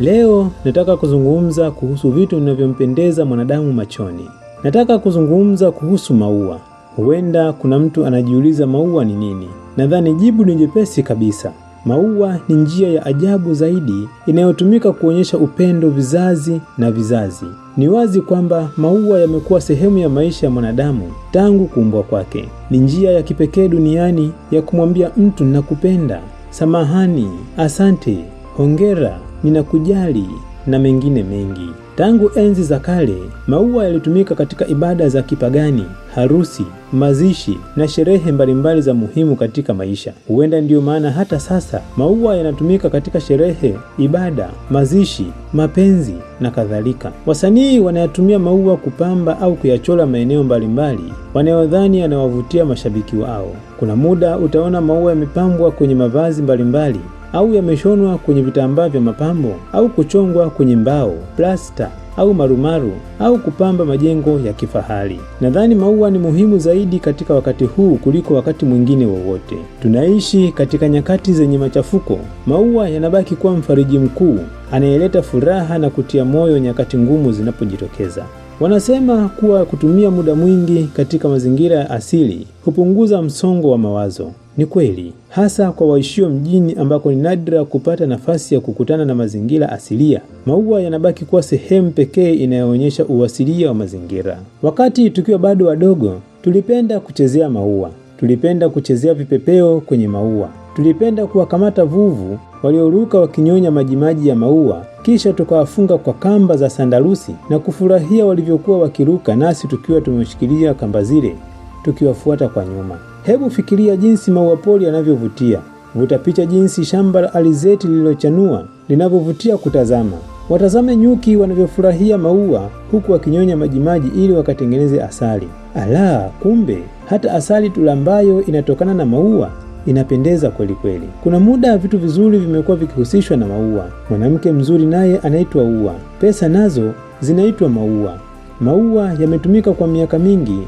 Leo nataka kuzungumza kuhusu vitu vinavyompendeza mwanadamu machoni. Nataka kuzungumza kuhusu maua. Huenda kuna mtu anajiuliza maua ni nini? Nadhani jibu ni jepesi kabisa. Maua ni njia ya ajabu zaidi inayotumika kuonyesha upendo vizazi na vizazi. Ni wazi kwamba maua yamekuwa sehemu ya maisha ya mwanadamu tangu kuumbwa kwake. Ni njia ya kipekee duniani ya kumwambia mtu nakupenda, samahani, asante, hongera ninakujali na mengine mengi. Tangu enzi za kale, maua yalitumika katika ibada za kipagani, harusi, mazishi na sherehe mbalimbali za muhimu katika maisha. Huenda ndiyo maana hata sasa maua yanatumika katika sherehe, ibada, mazishi, mapenzi na kadhalika. Wasanii wanayatumia maua kupamba au kuyachola maeneo mbalimbali wanayodhani yanawavutia mashabiki wao. Kuna muda utaona maua yamepambwa kwenye mavazi mbalimbali au yameshonwa kwenye vitambaa vya mapambo au kuchongwa kwenye mbao, plasta au marumaru au kupamba majengo ya kifahari. Nadhani maua ni muhimu zaidi katika wakati huu kuliko wakati mwingine wowote. tunaishi katika nyakati zenye machafuko. Maua yanabaki kuwa mfariji mkuu anayeleta furaha na kutia moyo nyakati ngumu zinapojitokeza. Wanasema kuwa kutumia muda mwingi katika mazingira ya asili hupunguza msongo wa mawazo. Ni kweli hasa kwa waishio mjini ambako ni nadra kupata nafasi ya kukutana na mazingira asilia, maua yanabaki kuwa sehemu pekee inayoonyesha uasilia wa mazingira. Wakati tukiwa bado wadogo, tulipenda kuchezea maua, tulipenda kuchezea vipepeo kwenye maua, tulipenda kuwakamata vuvu walioruka wakinyonya majimaji ya maua, kisha tukawafunga kwa kamba za sandarusi na kufurahia walivyokuwa wakiruka, nasi tukiwa tumeshikilia kamba zile tukiwafuata kwa nyuma. Hebu fikiria jinsi maua pori yanavyovutia. Vuta picha jinsi shamba la alizeti lililochanua linavyovutia kutazama. Watazame nyuki wanavyofurahia maua huku wakinyonya majimaji ili wakatengeneze asali. Ala, kumbe hata asali tulambayo inatokana na maua. Inapendeza kweli kweli. Kuna muda vitu vizuri vimekuwa vikihusishwa na maua. Mwanamke mzuri naye anaitwa ua, pesa nazo zinaitwa maua. Maua yametumika kwa miaka mingi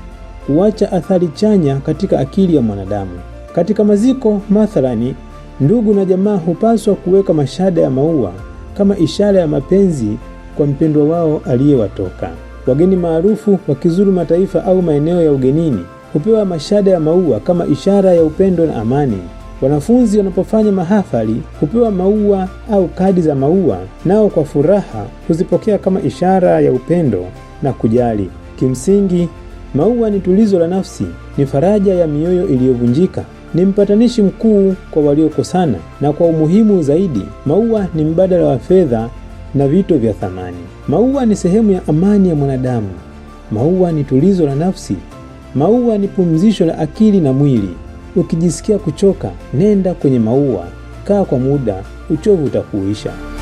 huacha athari chanya katika akili ya mwanadamu. Katika maziko mathalani, ndugu na jamaa hupaswa kuweka mashada ya maua kama ishara ya mapenzi kwa mpendwa wao aliyewatoka. Wageni maarufu wakizuru mataifa au maeneo ya ugenini hupewa mashada ya maua kama ishara ya upendo na amani. Wanafunzi wanapofanya mahafali hupewa maua au kadi za maua, nao kwa furaha huzipokea kama ishara ya upendo na kujali. Kimsingi, Maua ni tulizo la nafsi, ni faraja ya mioyo iliyovunjika, ni mpatanishi mkuu kwa waliokosana, na kwa umuhimu zaidi, maua ni mbadala wa fedha na vito vya thamani. Maua ni sehemu ya amani ya mwanadamu. Maua ni tulizo la nafsi. Maua ni pumzisho la akili na mwili. Ukijisikia kuchoka, nenda kwenye maua, kaa kwa muda, uchovu utakuisha.